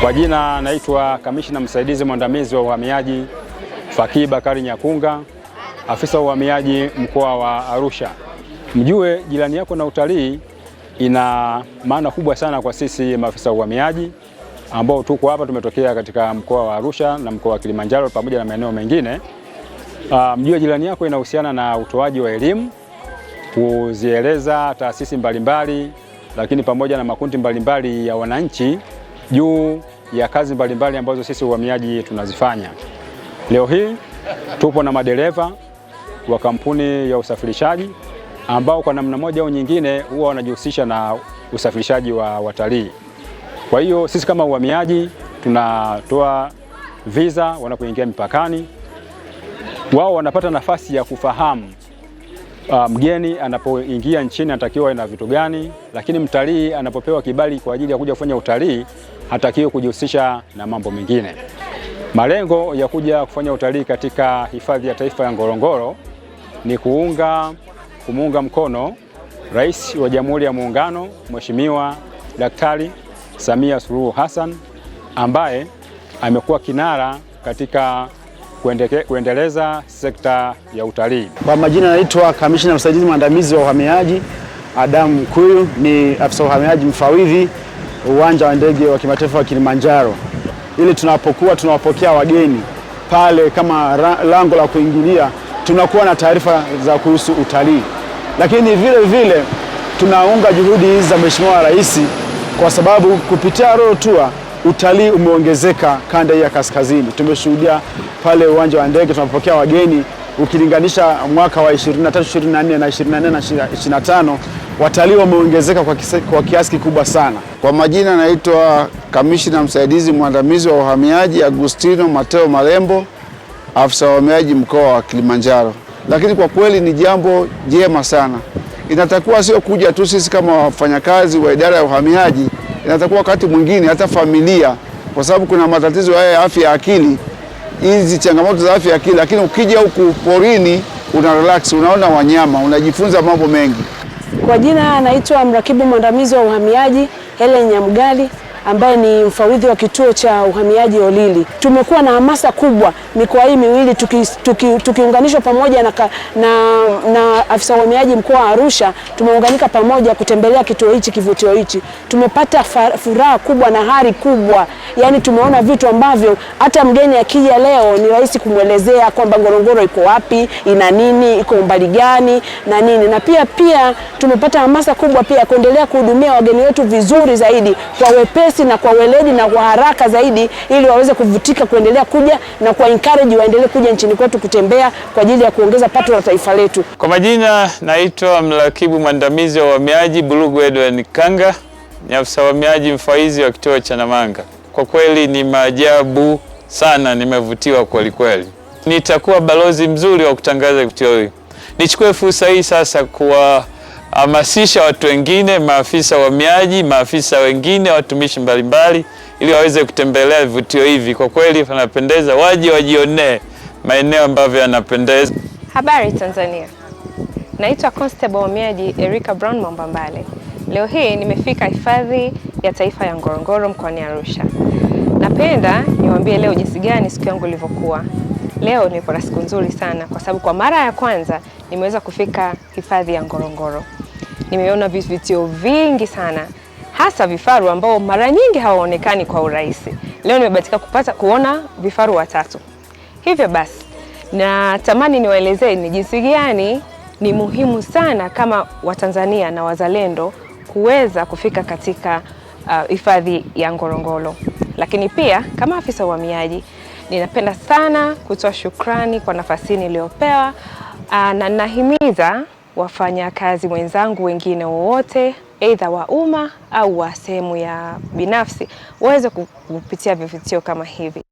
Kwa jina naitwa Kamishna Msaidizi Mwandamizi wa Uhamiaji Fakii Bakari Nyakunga, afisa wa uhamiaji mkoa wa Arusha. Mjue Jirani Yako na Utalii ina maana kubwa sana kwa sisi maafisa wa uhamiaji ambao tuko hapa, tumetokea katika mkoa wa Arusha na mkoa wa Kilimanjaro pamoja na maeneo mengine. Ah, mjue Jirani Yako inahusiana na utoaji wa elimu, kuzieleza taasisi mbalimbali, lakini pamoja na makundi mbalimbali ya wananchi juu ya kazi mbalimbali ambazo sisi uhamiaji tunazifanya. Leo hii tupo na madereva wa kampuni ya usafirishaji ambao kwa namna moja au nyingine huwa wanajihusisha na usafirishaji wa watalii. Kwa hiyo sisi kama uhamiaji tunatoa visa wanapoingia mipakani, wao wanapata nafasi ya kufahamu Ah, mgeni anapoingia nchini anatakiwa na vitu gani, lakini mtalii anapopewa kibali kwa ajili ya kuja kufanya utalii hatakiwi kujihusisha na mambo mengine. Malengo ya kuja kufanya utalii katika hifadhi ya taifa ya Ngorongoro ni kuunga kumuunga mkono Rais wa Jamhuri ya Muungano Mheshimiwa Daktari Samia Suluhu Hassan ambaye amekuwa kinara katika kuendeke, kuendeleza sekta ya utalii. Kwa majina naitwa kamishina Msaidizi Mwandamizi wa Uhamiaji Adamu kuyu ni afisa uhamiaji mfawidhi uwanja wa ndege wa kimataifa wa Kilimanjaro. Ili tunapokuwa tunawapokea wageni pale, kama lango la kuingilia, tunakuwa na taarifa za kuhusu utalii, lakini vile vile tunaunga juhudi hizi za Mheshimiwa Rais kwa sababu kupitia Royal Tour utalii umeongezeka kanda hii ya kaskazini. Tumeshuhudia pale uwanja wa ndege tunapokea wageni, ukilinganisha mwaka wa 23 24 na 24 na 25 watalii wameongezeka kwa, kwa kiasi kikubwa sana. Kwa majina naitwa Kamishna Msaidizi Mwandamizi wa Uhamiaji Agustino Mateo Marembo, afisa wa uhamiaji mkoa wa Kilimanjaro. Lakini kwa kweli ni jambo jema sana, inatakiwa sio kuja tu sisi kama wafanyakazi wa idara ya uhamiaji inaweza kuwa wakati mwingine hata familia, kwa sababu kuna matatizo haya ya afya ya akili, hizi changamoto za afya ya akili. Lakini ukija huku porini, una relax, unaona wanyama, unajifunza mambo mengi. Kwa jina anaitwa mrakibu mwandamizi wa uhamiaji Helen Nyamgali ambaye ni mfawidhi wa kituo cha uhamiaji Olili. Tumekuwa na hamasa kubwa mikoa hii miwili tukiunganishwa tuki, tuki pamoja na, na, na afisa uhamiaji mkoa wa Arusha, tumeunganika pamoja kutembelea kituo hichi, kivutio hichi. Tumepata furaha kubwa na hari kubwa yani tumeona vitu ambavyo hata mgeni akija leo ni rahisi kumwelezea kwamba Ngorongoro iko wapi, ina nini, iko umbali gani na nini, na pia pia tumepata hamasa kubwa pia kuendelea kuhudumia wageni wetu vizuri zaidi kwa wepesi na kwa weledi na kwa haraka zaidi, ili waweze kuvutika kuendelea kuja na kwa encourage waendelee kuja nchini kwetu kutembea kwa ajili ya kuongeza pato la taifa letu. Kwa majina naitwa mrakibu mwandamizi wa uhamiaji Bulugu Edward Kanga, ni afisa uhamiaji mfawidhi wa kituo cha Namanga. Kwa kweli ni maajabu sana, nimevutiwa kweli kweli. Nitakuwa balozi mzuri wa kutangaza kituo hiki. Nichukue fursa hii sasa kuwahamasisha watu wengine, maafisa miaji, maafisa wengine, watumishi mbalimbali, ili waweze kutembelea vivutio hivi. Kwa kweli wanapendeza waje wajionee maeneo ambavyo yanapendeza. Habari Tanzania, naitwa Constable miaji Erika Brown Mwambambale. Leo hii nimefika hifadhi ya Taifa ya Ngorongoro mkoani Arusha. Napenda niwaambie leo jinsi gani siku yangu ilivyokuwa. Leo nilikuwa na siku nzuri sana kwa sababu kwa mara ya kwanza nimeweza kufika hifadhi ya Ngorongoro. Nimeona vivutio vingi sana, hasa vifaru ambao mara nyingi hawaonekani kwa urahisi. Leo nimebahatika kupata kuona vifaru watatu. Hivyo basi, natamani niwaelezee ni jinsi gani ni muhimu sana kama Watanzania na wazalendo kuweza kufika katika Uh, hifadhi uh, ya Ngorongoro. Lakini pia kama afisa uhamiaji ninapenda sana kutoa shukrani kwa nafasi niliyopewa, uh, na nahimiza wafanyakazi wenzangu wengine wowote aidha wa umma au wa sehemu ya binafsi waweze kupitia vivutio kama hivi.